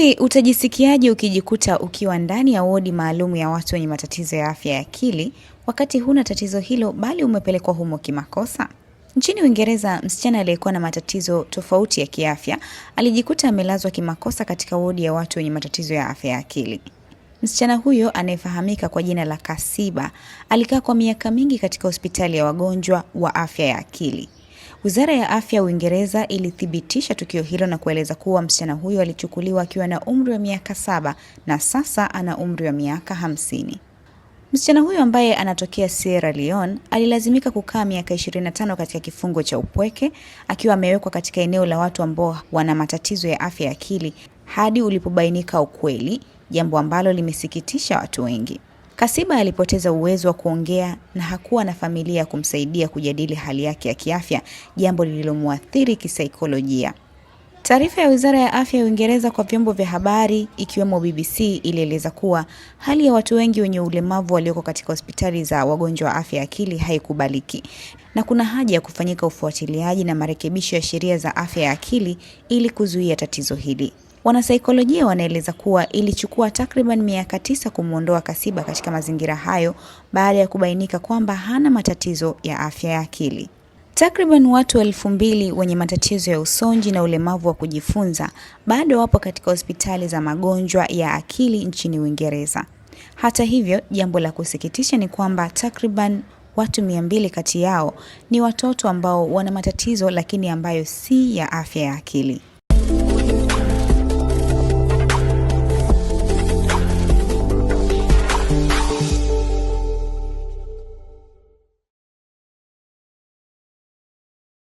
Hivi utajisikiaje ukijikuta ukiwa ndani ya wodi maalum ya watu wenye matatizo ya afya ya akili wakati huna tatizo hilo bali umepelekwa humo kimakosa? Nchini Uingereza, msichana aliyekuwa na matatizo tofauti ya kiafya alijikuta amelazwa kimakosa katika wodi ya watu wenye matatizo ya afya ya akili. Msichana huyo anayefahamika kwa jina la Kasiba alikaa kwa miaka mingi katika hospitali ya wagonjwa wa afya ya akili. Wizara ya afya ya Uingereza ilithibitisha tukio hilo na kueleza kuwa msichana huyo alichukuliwa akiwa na umri wa miaka saba na sasa ana umri wa miaka hamsini. Msichana huyo ambaye anatokea Sierra Leone alilazimika kukaa miaka 25 katika kifungo cha upweke akiwa amewekwa katika eneo la watu ambao wana matatizo ya afya ya akili hadi ulipobainika ukweli, jambo ambalo limesikitisha watu wengi. Kasiba alipoteza uwezo wa kuongea na hakuwa na familia ya kumsaidia kujadili hali yake ya kiafya, jambo lililomwathiri kisaikolojia. Taarifa ya Wizara ya Afya ya Uingereza kwa vyombo vya habari ikiwemo BBC ilieleza kuwa hali ya watu wengi wenye ulemavu walioko katika hospitali za wagonjwa wa afya ya akili haikubaliki na kuna haja ya kufanyika ufuatiliaji na marekebisho ya sheria za afya ya akili ili kuzuia tatizo hili. Wanasaikolojia wanaeleza kuwa ilichukua takriban miaka tisa kumwondoa Kasiba katika mazingira hayo baada ya kubainika kwamba hana matatizo ya afya ya akili. Takriban watu elfu mbili wenye matatizo ya usonji na ulemavu wa kujifunza bado wapo katika hospitali za magonjwa ya akili nchini Uingereza. Hata hivyo, jambo la kusikitisha ni kwamba takriban watu mia mbili kati yao ni watoto ambao wana matatizo lakini ambayo si ya afya ya akili.